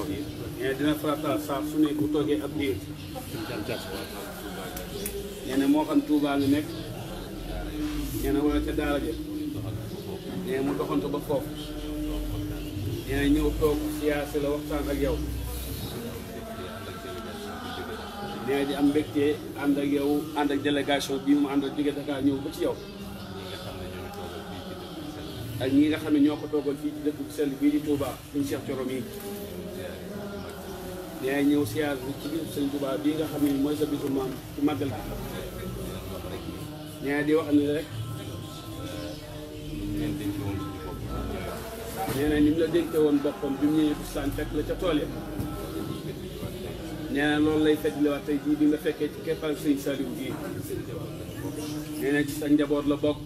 toogee. Eh, mais dina farataal saa su ne ab diir. nee na moo xam Touba lu nekk. nee mu doxantu ba foofu. nee na ñëw ak yow. nee na am mbégte ànd yow ànd ak délégation mu ànd ak jóge Dakar ba ci yow. ak ñi nga xam ne ñoo ko toogal fii ci dëkk bu sell bii di Touba suñu Cheikh Thioro yi nee ñëw siyaar bi ci biir sëñ bii nga xam ne mooy sa bisu maam ci màggal di wax ni rek la dénke woon boppam bi mu ñëwee ca tool ya nee na loolu lay fekk tey jii bi nga fekkee ci keppal sëñ Saliou gii nee ci sa njaboot la bokk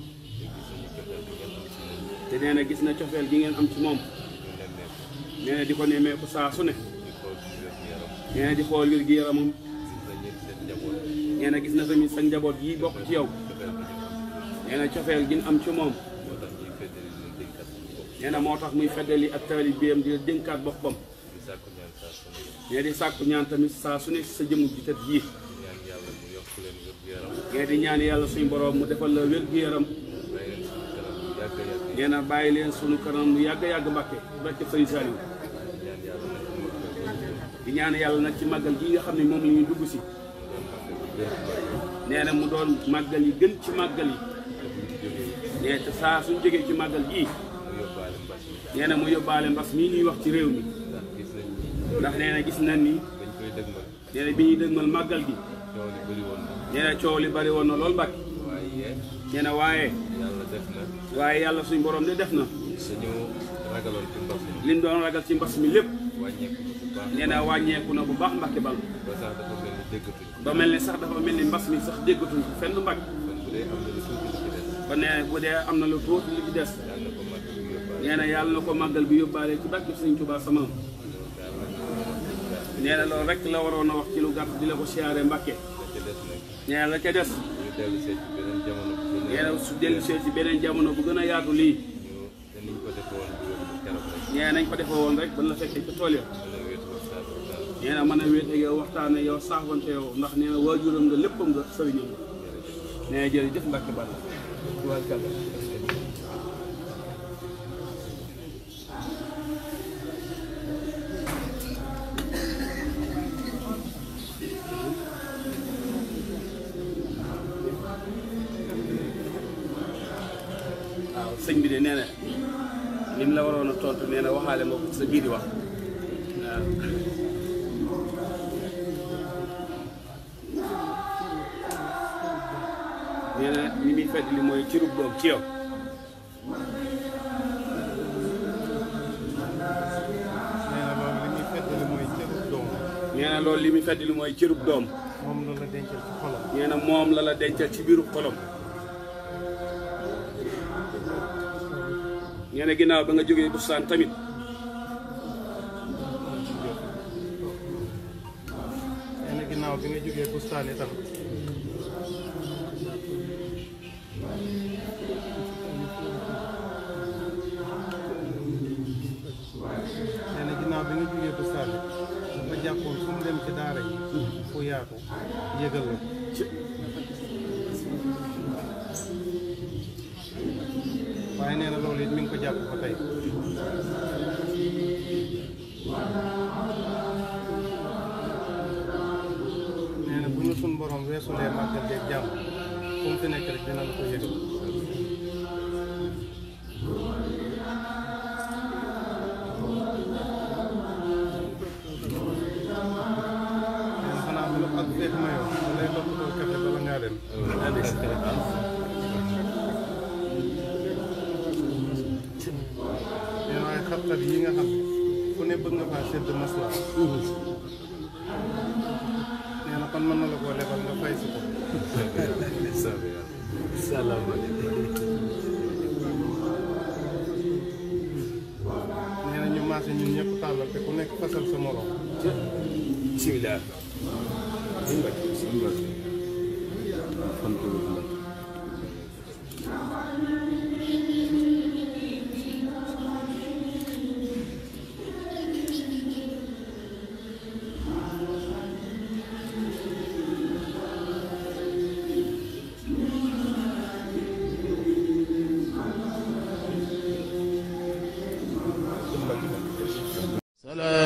te nee gis na cofeel bi ngeen am ci moom nee di ko nemmeeku saa su ne nee di xool wér gi yaramam nee na gis na tamit sa njaboot yi bokk ci yow nee cofeel gi am ci moom nee na moo tax muy feddali ak taalibeem di la dénkaat boppam nee di sàkku ñaan tamit saa su nekk sa jëmu ji tat jii nee di ñaan yàlla suñu boroom mu defal la wér gu yaram nee na bàyyi leen sunu kanam mu yàgg-yàgg mbàkke barke sëñ Saliou di ñaan yàlla nag ci màggal gi nga xam ne moom la ñuy dugg si nee na mu doon màggal yi gën ci màggal yi nee te saa suñ jógee ci màggal gii nee mu yóbbaale mbas mi ñuy wax ci réew mi ndax nee na gis nañ ni nee na bi ñuy dëgmal màggal gi nee na coow li bari woon na lool bàkk nee waaye waaye yàlla suñ borom de def na li ñu doon ragal ci mbas mi lépp nee na wàññeeku na bu baax mbàkke bal ba mel ni sax dafa mel ni mbas mi sax déggatuñ ko fenn mbàkk ba nee bu dee am na lu tuuti li ci des nee na yàlla na ko màggal bi yóbbaale ci bàkki sëñ Tuubaa sama nee na loolu rek la waroon a wax ci lu gàtt di la ko siyaare mbàkke nee la ca des nee su dellu see ci beneen jamono bu gën a yaatu lii nee nañ ko defee woon rek ban la fekkee ca tool ya nee na mën a wéete yow waxtaan yow saafante yow ndax nee na waajuram nga léppam nga sëriñam nee na jërëjëf Mbacke Balla sëñ bi de nee na mu la waroon a tontu nee na waxaale nga ko sa biir wax waaw. nee li muy fekk li mooy cërub doom ci yow. nee na loolu li muy fekk li mooy cërub doom. moom la ci moom la la dencal ci biiru xolam. nee ginnaaw ba nga jógee bustaan tamit nee ginnaaw bi nga jógee bustaan itam nee ginnaaw bi nga jógee bustaan dafa jàppoon fu dem ci daara yi fu yaatu yëgal waaye nee na loolu it mi ngi ko jàpp ba tey nee na bu ñu suñ borom weesulee màggal jeeg jàmm fu mu fi nekk la ko waxkat yi nga xam ne ku ne bëgg nga faa sedd masla nee na kon na la koo lebal nga fay si ko nee na ñu maase ñun te ku nekk fasal sa morom bismillah